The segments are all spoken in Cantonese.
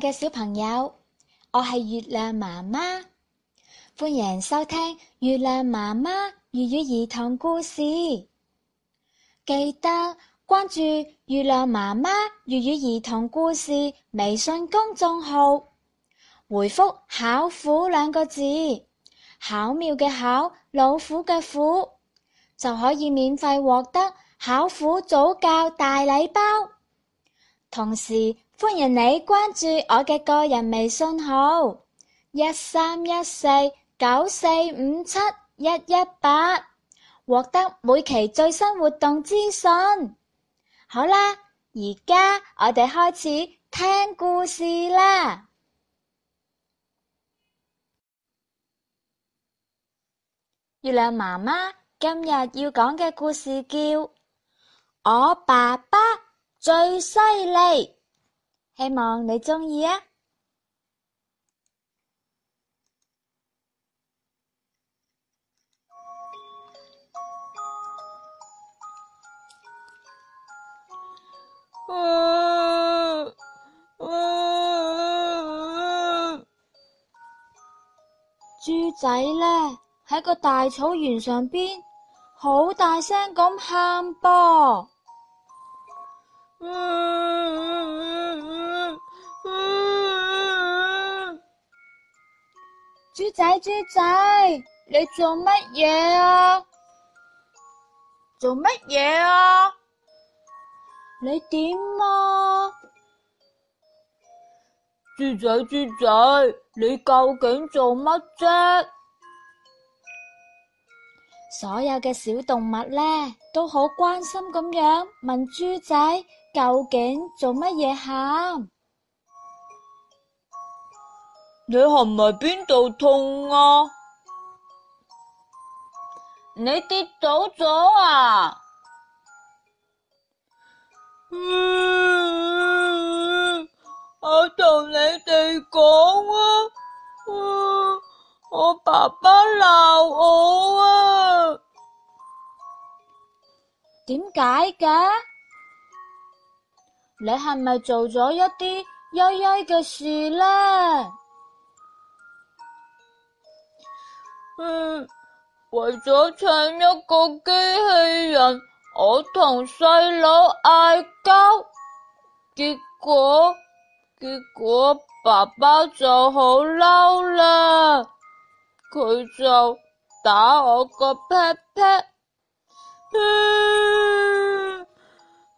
嘅小朋友，我係月亮媽媽，歡迎收聽月亮媽媽粵語兒童故事。記得關注月亮媽媽粵語兒童故事微信公眾號，回覆“巧虎”兩個字，巧妙嘅巧，老虎嘅虎，就可以免費獲得巧虎早教大禮包。同時歡迎你關注我嘅個人微信號一三一四九四五七一一八，獲得每期最新活動資訊。好啦，而家我哋開始聽故事啦。月亮媽媽今日要講嘅故事叫我爸爸。最犀利，希望你鍾意啊！啊啊啊啊豬仔呢？喺個大草原上邊，好大聲咁喊噃。豬仔豬仔，你做乜嘢啊？做乜嘢啊？你點啊？豬仔豬仔，你究竟做乜啫？所有嘅小動物呢，都好關心咁樣問豬仔。究竟做乜嘢喊？你係咪邊度痛啊？你跌倒咗啊！嗯、我同你哋講啊，我爸爸鬧我啊，點解㗎？你係咪做咗一啲曳曳嘅事呢？嗯，為咗搶一個機器人，我同細佬嗌交，結果結果爸爸就好嬲啦，佢就打我個屁屁，嗯，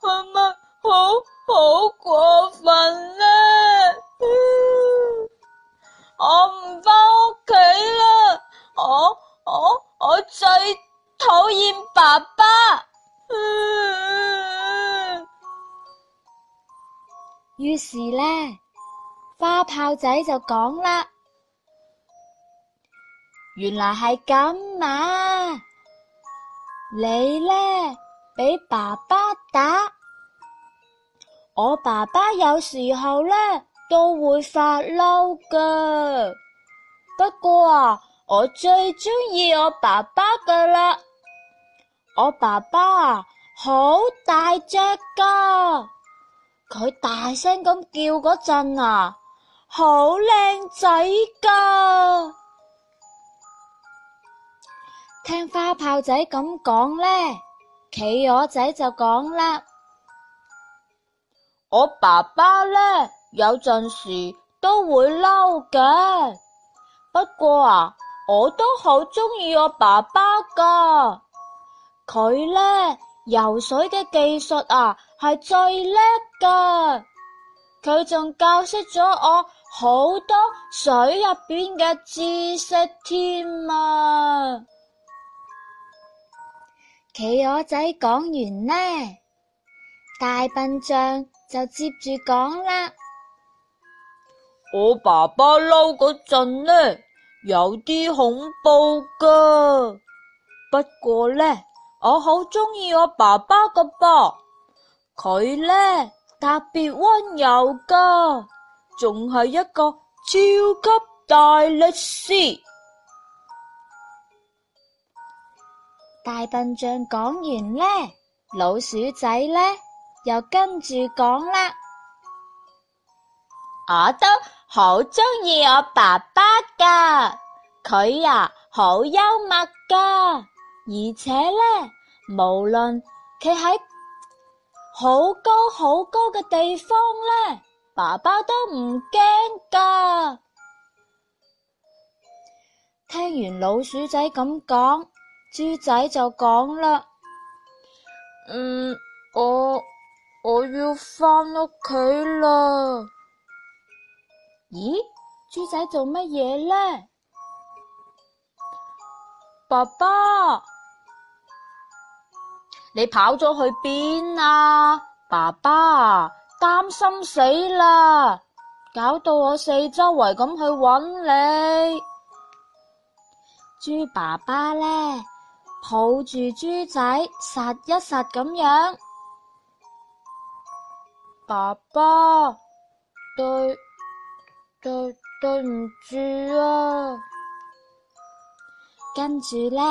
好冇。好，好過分啦，啊嗯！我唔翻屋企啦！我、我、我最討厭爸爸。於、嗯、是呢，花炮仔就講啦，原來係咁啊！你咧，俾爸爸打。我爸爸有時候呢都會發嬲噶，不過啊，我最中意我爸爸噶啦。我爸爸啊好大隻噶，佢大聲咁叫嗰陣啊好靚仔噶。聽花炮仔咁講呢，企鵝仔就講啦。我爸爸咧，有陣時都會嬲嘅。不過啊，我都好中意我爸爸噶。佢咧，游水嘅技術啊係最叻噶，佢仲教識咗我好多水入邊嘅知識添啊。企鵝仔講完呢，大笨象，就接住講啦。我爸爸嬲嗰陣呢，有啲恐怖噶。不過呢，我好中意我爸爸噶噃。佢呢特別溫柔噶，仲係一個超級大力士。大笨象講完呢，老鼠仔呢？又跟住講啦，我都好中意我爸爸噶，佢啊好幽默噶，而且呢，無論佢喺好高好高嘅地方呢，爸爸都唔驚噶。聽完老鼠仔咁講，豬仔就講啦，嗯，我。我要翻屋企啦！咦，豬仔做乜嘢呢？爸爸，你跑咗去邊啊？爸爸，擔心死啦，搞到我四周圍咁去揾你。豬爸爸呢，抱住豬仔，實一實咁樣。爸爸，對對對唔住啊！跟住呢，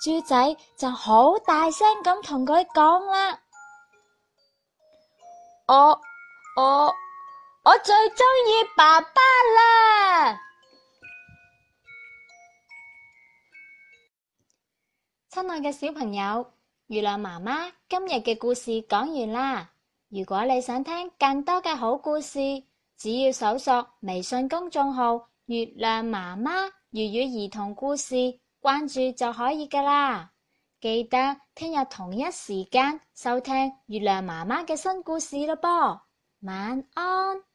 豬仔就好大聲咁同佢講啦，我我我最中意爸爸啦！親愛嘅小朋友，月亮媽媽今日嘅故事講完啦。如果你想聽更多嘅好故事，只要搜索微信公眾號月亮媽媽粵語兒童故事，關注就可以㗎喇。記得聽日同一時間收聽月亮媽媽嘅新故事喇，噃。晚安。